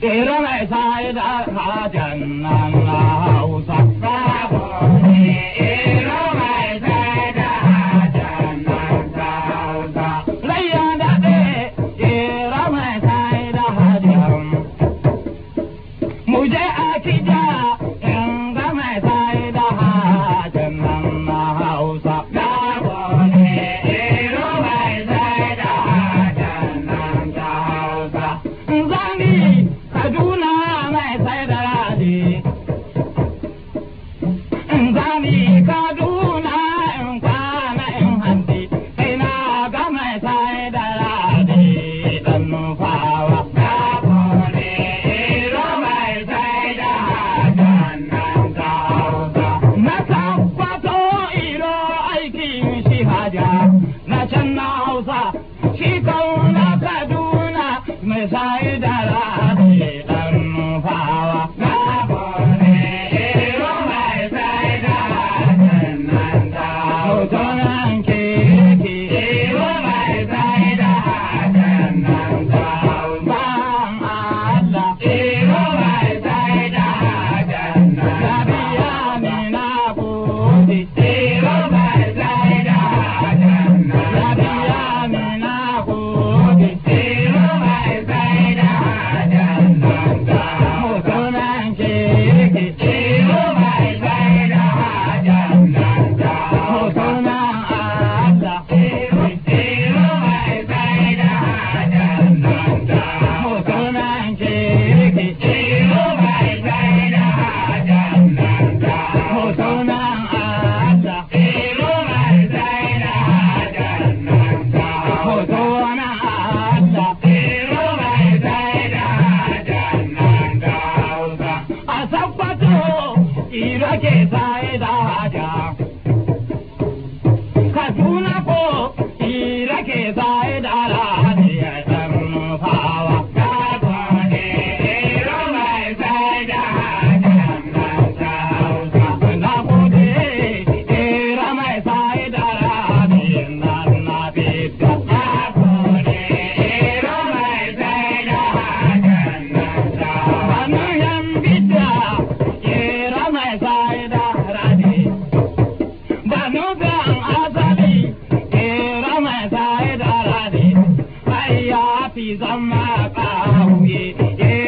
Tera mai sa da ma jan na shi kauna kaduna mai zai da 为大家。ज़मा